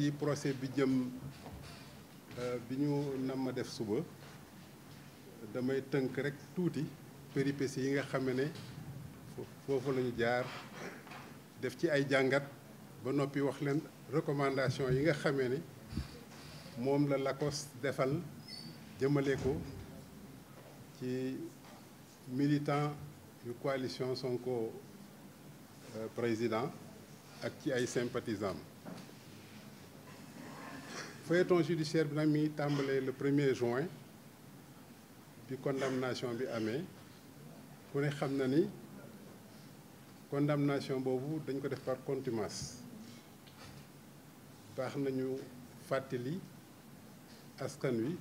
ci procès bi jëm euh, bi ñu nama def suba damay tënk rek tuuti péripéties yi nga xame ne foofu lañu jaar def ci ay jàngat ba noppi wax leen recommandation yi nga xamee ne moom la LACOS defal jëmale ko ci militant yu coalition Sonko euh, président ak ci ay sympathisants feuilleton judiciaire bi nag mi ngi tàmbalee le premier juin bi condamnation bi amee ku ne xam na ni condamnation boobu dañ ko def par contumace baax nañu fàttali askan wi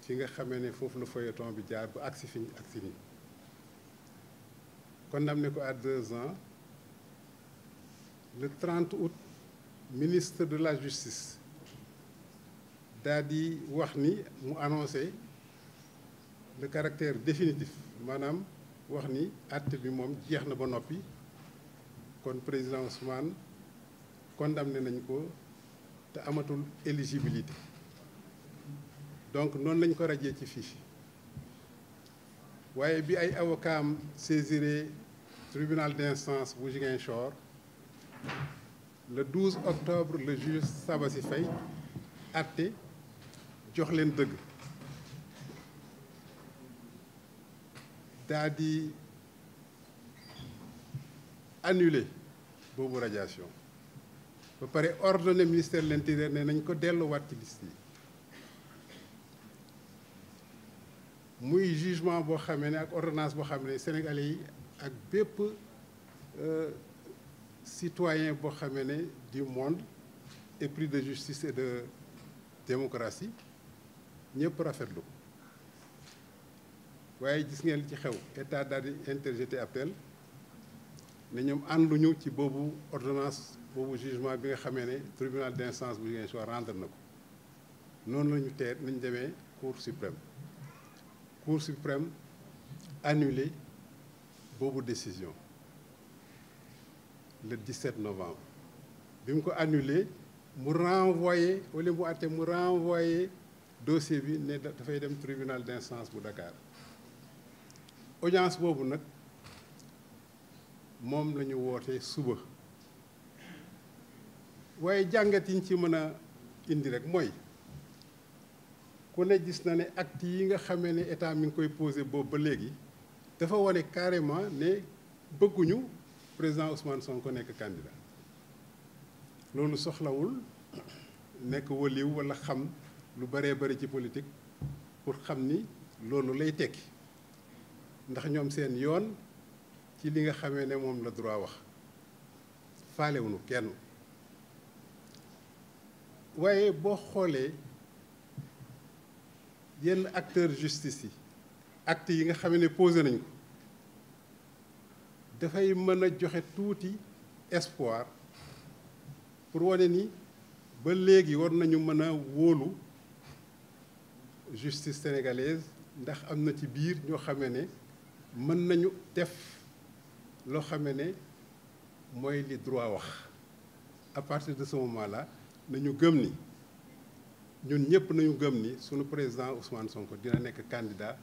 fi nga xamee ne foofu la feuilleton bi jaar ba agsi fi ñu agsi ni condamné ko à ans le 30 août ministre de la justice daal di wax ni mu annoncé le caractère définitif maanaam wax ni àtte bi moom jeex na ba noppi kon président Ousmane condamné nañ ko te amatul éligibilité donc noonu lañ ko rajee ci fii waaye bi ay avocat am saisiré tribunal d'instance bu Ziguinchor le 12 octobre le juge Sabassi Faye àtte jox leen dëgg daa di annuler boobu radiation ba pare ordonné ministère de l'intérieur ne nañ ko delluwaat ci liste yi muy jugement boo xamee ne ak ordonnance boo xam ne sénégalais yi ak bépp euh, citoyen boo xamee ne du monde épris de justice et de démocratie ñëpp rafetlu ko waaye gis ngeen li ci xew état daal di interjeté appel ne ñoom ànduñu ci boobu ordonnance boobu jugement bi nga xamee ne tribunal d'instance bu Ziguinchor rendre na ko noonu lañu teer nañ demee cour suprême cour suprême annulé boobu décision le 17 novembre bi mu ko annulé mu renvoyé wala mu àtte mu renvoyé dossier bi ne dafay dem tribunal d'instance bu Dakar audience boobu nag moom la ñu woote suba waaye jàngat yi ci mën a indi rek mooy ku ne gis na ne acte yi nga xamee ne état mi ngi koy posé boobu ba léegi dafa wane carrément ne bëgguñu président Ousmane ko nekk candidat loolu soxlawul nekk waliw walla xam lu bëree bari ci politique pour xam ni loolu lay tekki ndax ñoom seen yoon ci li nga xamee ne moom la droit wax faalewuñu kenn waaye boo xoolee yenn acteur justice yi acte yi nga xam ne posé nañ ko dafay mën a joxe tuuti espoir pour wane ni ba léegi war nañu mën a wóolu justice sénégalaise ndax am na ci biir ñoo xame ne mën nañu def loo xame ne mooy li droit wax à partir de ce moment là nañu gëm ni ñun ñëpp nañu gëm ni sunu président Ousmane Sonko dina nekk candidat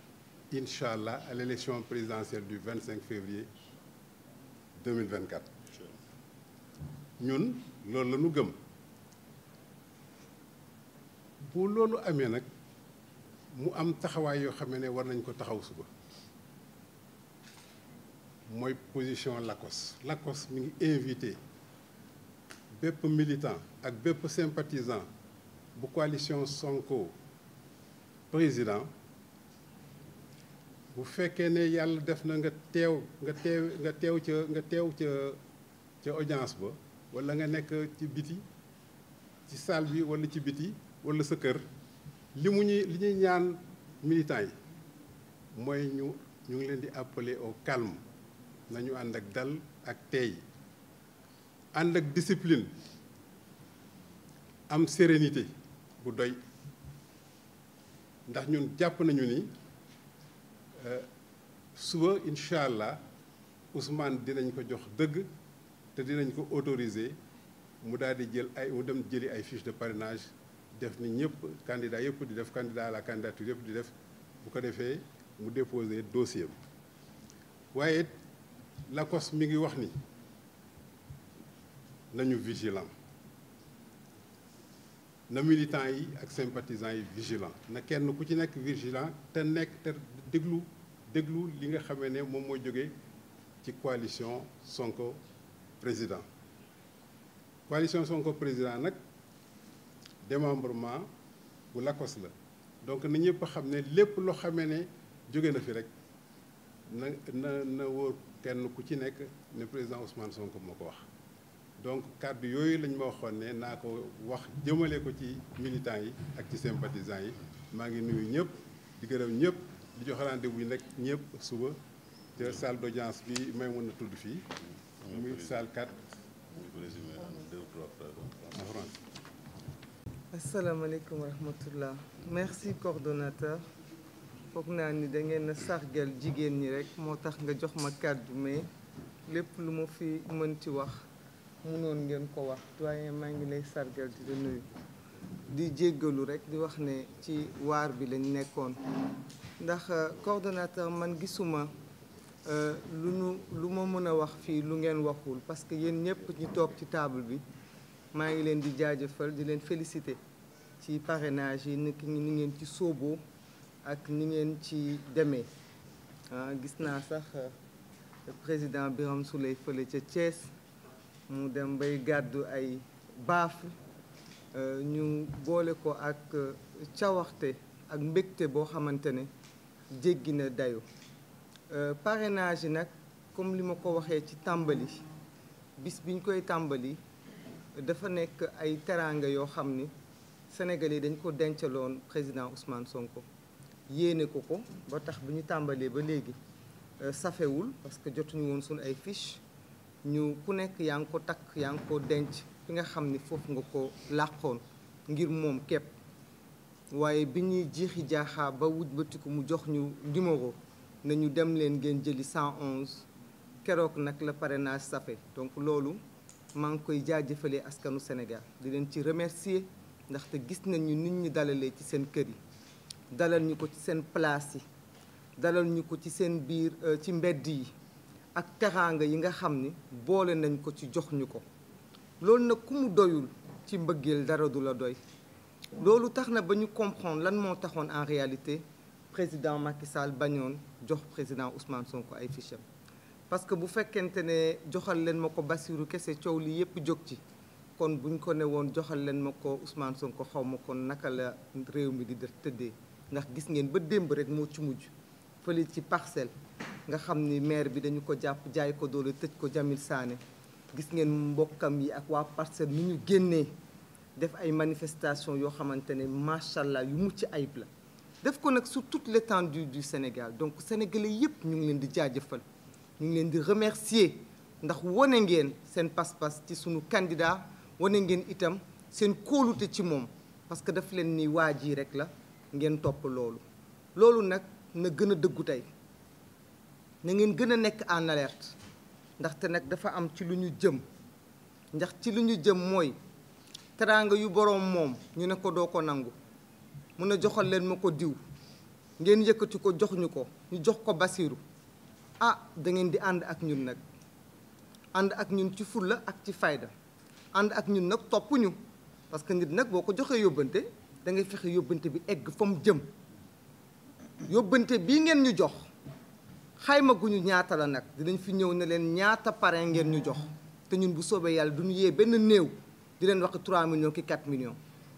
incha allah à l' élection présidentielle du 25 février 2024. ñun loolu la ñu gëm bu loolu amee nag. mu am taxawaay yoo xam ne war nañ ko taxaw suba mooy position lakkos LACOS mu ngi invité bépp militant ak bépp sympathisant bu coalition Sonko président bu fekkee ne yàlla def na nga teew nga teew nga teew ca nga teew ca ca audience ba wala nga nekk ci biti ci salle bi walla ci biti wala sa kër li mu ñuy li ñuy ñaan militants yi mooy ñu ñu ngi leen di appeler au calme nañu ànd ak dal ak teey ànd ak discipline am sérénité bu doy ndax ñun jàpp nañu ni euh, suba incha allah Ousmane dinañ ko jox dëgg te dinañ ko autoriser mu daal di jël ay mu dem jëli ay fiche de parrainage def ni ñëpp candidat yëpp di def candidat à la candidature yëpp di def bu ko defee mu déposé dossier am waaye Lacoste mi ngi wax ni nañu vigilant na militants yi ak sympathisants yi vigilant na kenn ku ci nekk vigilant te nekk te déglu déglu li nga xamee ne moom moo jóge ci coalition Sonko président coalition Sonko président nag démembrement bu lakos la donc na ñëpp xam ne lépp loo xamee ne jóge na fi rek na na na wóor kenn ku ci nekk ne président Ousmane Sonko ma ko wax donc kàddu yooyu lañ ma waxoon ne naa ko wax jëmalee ko ci militants yi ak ci seen sympathisants yi maa ngi nuyu ñëpp di gërëm ñëpp di jox rendez-vous nekk ñëpp suba te salle d'audience bi may mën a tudd fii muy salle 4 en France asalaamaaleykum wa rahmatullah merci coordonnateur foog naa ni dangeen sargal jigéen ñi rek moo tax nga jox ma kàddu may lépp lu ma fi mën ci wax mënoon ngeen ko wax doyen maa ngi lay sargal di la nuyu di jéggalu rek di wax ne ci waar bi lañu nekkoon ndax euh, coordonnateur man gisuma euh, lu nu lu ma mën a wax fii lu ngeen waxul parce que yéen ñëpp ñi toog ci taabal bi maa ngi leen di jaajëfal di leen félicité ci parrainage yi ni ni ngeen ci sóoboo ak ni ngeen ci demee ah, gis naa sax euh, président Birame Souleye fële ca Thiès mu dem bay gàddu ay baafle euh, ñu boole ko ak euh, cawaxte ak mbégte boo xamante ne jéggi na dayo parrainage yi nag comme li ma ko waxee ci tàmbali bis biñ koy tàmbali dafa nekk ay teraanga yoo xam ni Sénégal yi dañ ko dencaloon président Ousmane Sonko yéene ko ko ba tax bi ñu tàmbalee ba léegi euh, safewul parce que jotuñu woon suñu ay fiche ñu ku nekk yaa ngi ko takk yaa ngi ko denc fi nga xam ni foofu nga ko làqoon ngir moom képp waaye bi ñuy jiixi jaaxaa ba wuj batiku mu jox ñu numéro nañu dem leen ngeen jëli 111 keroog nag la pare naa safe donc loolu maa ngi koy jëfalee askanu Sénégal di leen ci remercier ndaxte gis nañu nit ñu dalalee ci seen kër yi dalal ñu ko ci seen place yi dalal ñu ko ci seen biir euh, ci mbedd yi ak teraanga yi nga xam ni boole nañ ko ci jox ñu ko loolu nag ku mu doyul ci mbëggeel dara du la doy loolu tax na ba ñu comprendre lan moo taxoon en réalité président Macky Sall bañoon jox président Ousmane ko ay fiches parce que bu fekkente ne joxal leen ma ko Bassirou kese coow lii yëpp jog ci kon buñ ko ne woon joxal leen ma ko Ousmane Sonko xaw ma kon naka la réew mi di def tëddee ndax gis ngeen ba démb rek moo ci mujj fële ci parcelle nga xam ni maire bi dañu ko jàpp jaay ko doole tëj ko Jamil Sané gis ngeen mbokkam yi ak waa parcelle ni ñu génnee def ay manifestation yoo xamante ne macha allah yu mucc ayib la def ko nag sur toute l'étendue du Sénégal donc sénégalais yëpp ñu ngi leen di jaajëfal ñu ngi leen di remercier ndax wane ngeen seen pas-pas ci sunu candidat wane ngeen itam seen kóolute ci moom parce que daf leen ni waa ji rek la ngeen topp loolu loolu nag na gën a dëggu tey na ngeen gën a nekk en alerte ndaxte nag dafa am ci lu ñu jëm ndax ci lu ñu jëm mooy teraanga yu boroom moom ñu ne ko doo ko nangu mun a joxal leen ma ko diw ngeen yëkkati ko jox ñu ko ñu jox ko Basiru ah da ngeen di ànd ak ñun nag ànd ak ñun ci fulla ak ci fayda ànd ak ñun nag topp ñu parce que nit nag boo ko joxee yóbbante da ngay fexe yóbbante bi egg fa mu jëm yóbbante bii ngeen ñu jox xayma gu ñu ñaata la nag dinañ fi ñëw ne leen ñaata parrain ngeen ñu jox te ñun bu soobee yàlla du ñu yee benn néew di leen wax 3 millions ki 4 millions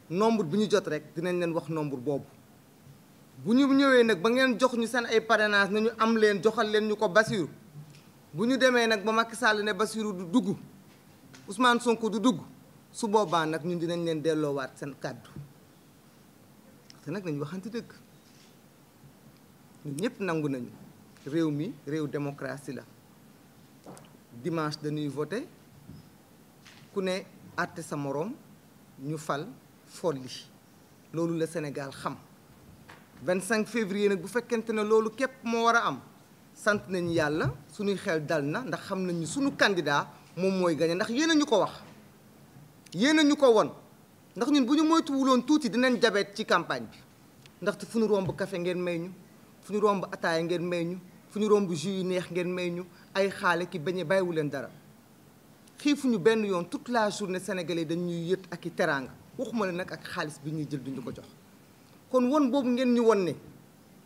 nombre bi ñu jot rek dinañ leen wax nombre boobu bu ñu ñëwee nag ba ngeen jox ñu seen ay na ñu am leen joxal leen ñu ko Bassirou bu ñu demee nag ba Macky sàll ne Bassirou du dugg usmaan Sonko du dugg su boobaa nag ñun dinañ leen delloo waat seen kàddu nag nañu waxante dëgg ñun ñëpp nangu nañu réew mi réew démocratie la dimanche dañuy voté ku ne àtte sa moroom ñu fal folli loolu la Sénégal xam cinq février nag bu fekkente ne loolu képp moo war a am sant nañu yàlla suñuy xel dal na ndax xam nañu suñu candidat moom mooy gagné ndax yéen ñu ko wax yéen a ñu ko won ndax ñun bu ñu moytuwuloon tuuti dinañ jabeet ci campagne bi ndaxte fu ñu romb kafe ngeen may ñu fu ñu romb ataaya ngeen may ñu fu ñu romb jus yu neex ngeen may ñu ay xaale bañ a bàyyiwu leen dara xiifuñu benn yoon toute la journée sénégalais dañuy yët ak i teraanga waxuma la nag ak xaalis bi ñuy jël duñu ko jox kon won boobu ngeen ñu won ne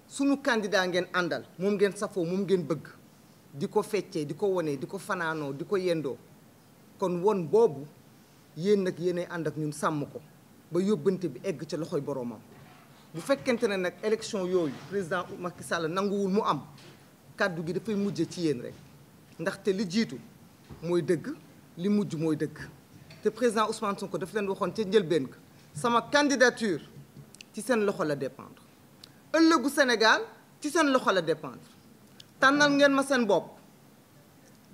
sunu candidat ngeen àndal moom ngeen safoo moom ngeen bëgg di ko feccee di ko wonee di ko fanaanoo di ko yendoo kon won boobu yéen nag yéenay ànd ak ñun sàmm ko ba yóbbante bi egg ca loxoy boroomam bu fekkente ne nag élection yooyu président Macky Sall nanguwul mu am kàddu gi dafay mujje ci yéen rek ndaxte li jiitu mooy dëgg li mujj mooy dëgg te président Ousmane ko daf leen waxoon ca njëlbeen ga sama candidature ci seen loxo la dépendre ëllëgu Sénégal ci seen loxo la dépendre tànnal ngeen ma seen bopp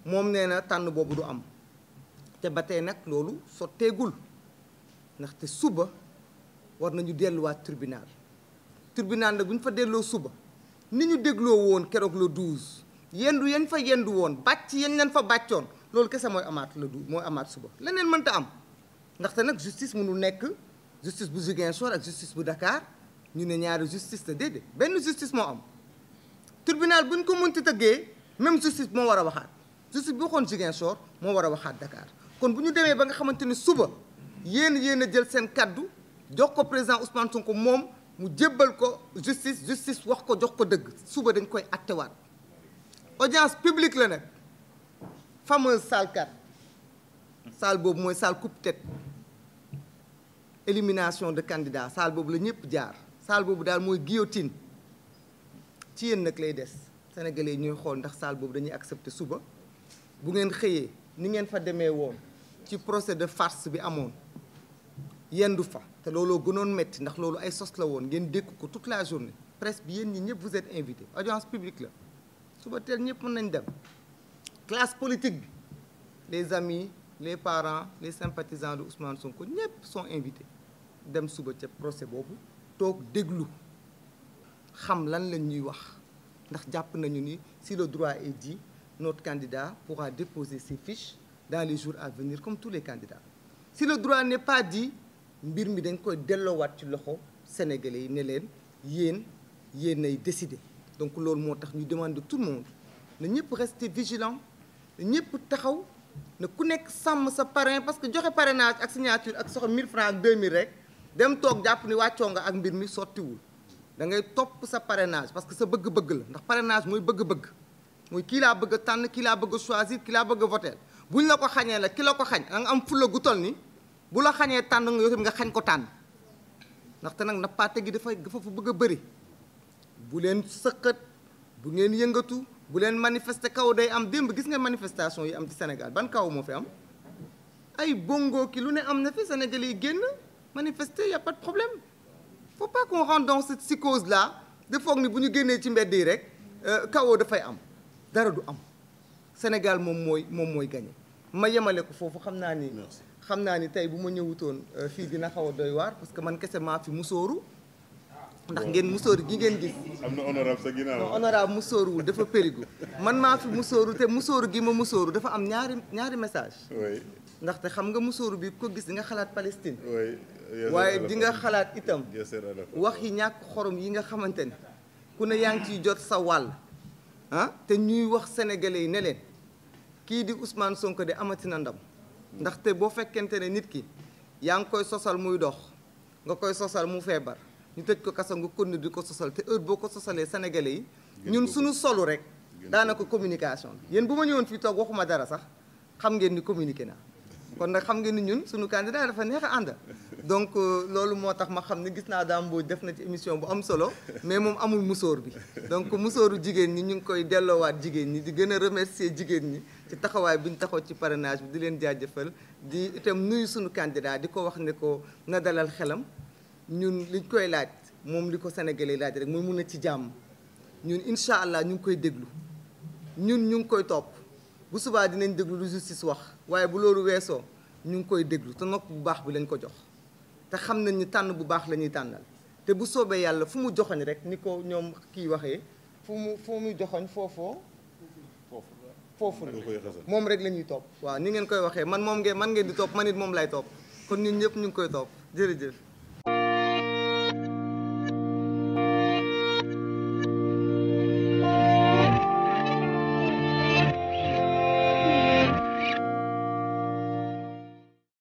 moom nee na tànn boobu du am te ba tey nag loolu sotteegul ndaxte suba war nañu delluwaat tribunal tribunal nag bu ñu fa delloo suba ni ñu dégloo woon keroog la 12 yendu yañ fa yendu woon bàcc yañ leen fa bàccoon loolu kese mooy amaat le 12 mooy amaat suba leneen mënta am ndaxte nag justice mënul nekk. justice bu Ziguinchor ak justice bu Dakar ñu ne ñaari justice te déedéet benn justice moo am tribunal buñ ko ti tëggee même justice moo war a waxaat justice bi waxoon Ziguinchor moo war a waxaat Dakar kon bu ñu demee ba nga xamante ni suba yéen yéen a jël seen kàddu jox ko président Ousmane ko moom mu jébbal ko justice justice wax ko jox ko dëgg suba dañ koy attewaat audience publique la nag fameuse salle 4 salle boobu mooy saal coupe-tête élimination de candidats salle boobu la ñëpp jaar saal boobu daal mooy guillotine ci yéen nag lay des sénégalais ñuy xool ndax salle boobu dañuy accepter suba bu ngeen xëyee ni ngeen fa demee woon ci procès de farce bi amoon du fa te looloo gënoon métti ndax loolu ay sos la woon ngeen dékk ko tout la journée presque bi yéen ñi ñëpp vous êtes invité audience publique la suba teel ñëpp mën nañ dem classe politique bi les amis les parents les sympathisants de Ousmane Sonko ñëpp sont invités dem suba ca procès boobu toog déglu xam lan lañ ñuy wax ndax jàpp nañu ni si le droit est dit notre candidat a déposer ses fiches dans les jours à venir comme tous les candidats si le droit n'est pas dit mbir mi dañ koy delloowaat ci loxo sénégalais yi ne leen yéen yéen ay décider donc loolu moo tax ñu demande tout le monde na ñëpp rester vigilant na ñëpp taxaw na ku nekk sàmm sa parrain parce que joxe parrainage ak signature ak soxla 1000 francs 2000 rek dem toog jàpp ni wàccoo nga ak mbir mi sottiwul da ngay topp sa parrainage parce que sa bëgg-bëgg la ndax parrainage mooy bëgg-bëgg mooy kii laa bëgg tànn kii laa bëgg a choisir kii laa bëgg a voter buñ la ko xañee la ki ko xañ da am fulla gu toll ni bu la xañee tànn nga yow tamit nga xañ ko tànn ndaxte nag nappaate gi dafay dafa fa bëgg a bëri bu leen sëqat bu ngeen yëngatu bu leen manifester kaw day am démb gis nga manifestation yi am ci Sénégal ban kaw moo fi am ay bongo ki lu ne am na fi Sénégal yi génn manifester y' a pas de problème faut pas qu'on rentre dans cette psychose là de foog ni bu ñu génnee ci mbedd yi rek kawoo euh, dafay am dara du am Sénégal moom mooy moom mooy gagné ma yemale ko foofu xam naa ni. xam naa ni tey bu ma ñëwutoon euh, fii dina xaw dooy waar parce que man kese maa fi musóoru ndax ngeen musóor gi ngeen gis. am na honorable dafa périgu man maa fi musóoru te musóor gi ma musóoru dafa am ñaari ñaari message ndaxte xam nga musóoru bi ko gis di nga xalaat Palestine. waaye di nga xalaat itam. wax yi ñàkk xorom yi nga xamante ne ku ne yaa ngi ciy jot sa wàll ah te ñuy wax sénégalais yi ne leen kii di usmaan Sonko de amati na ndam. ndaxte boo fekkente ne nit ki yaa ngi koy sosal muy dox nga koy sosal mu feebar. ñu tëj ko kaso nga kon di ko sosal te heure boo ko sosalee sénégalais yi ñun suñu solu rek daanaka communication bi yéen bu ma ñëwoon fii toog waxuma dara sax xam ngeen ni communiqué na kon nag xam ngeen ni ñun suñu candidat dafa neex a ànd donc euh, loolu moo tax ma xam ne gis naa Dame Mbodj def na ci émission bu am solo mais moom amul musóor bi donc musóoru jigéen ñi ñu ngi koy delloowaat jigéen ñi di gën a remercier jigéen ñi ci taxawaay bi ñu taxaw ci parrainage bi di leen jaajëfal di itam nuyu suñu candidat di ko wax ne ko na dalal xelam ñun liñ koy laaj moom li ko sénégalais laaj rek mooy mun a ci jàmm ñun incha allah ñu ngi koy déglu ñun ñu ngi koy topp bu subaa dinañ déglu lu justice wax waaye bu loolu weesoo ñu koy déglu te nopp bu baax bi lañ ko jox te xam nañ ni tànn bu baax la ñuy tànnal te bu soobee yàlla fu mu joxoñ rek ni ko ñoom kii waxee fu mu fu mu joxoñ foofoo foofu la moom rek la ñuy topp waaw ni ngeen koy waxee man moom ngeen man ngeen di topp man it moom lay topp kon ñun ñëpp ñu ngi koy topp jërëjëf